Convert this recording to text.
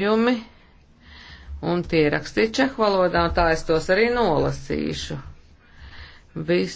jumi, un tie rakstīja čehu valodā, tā es tos arī nolasīšu. Vis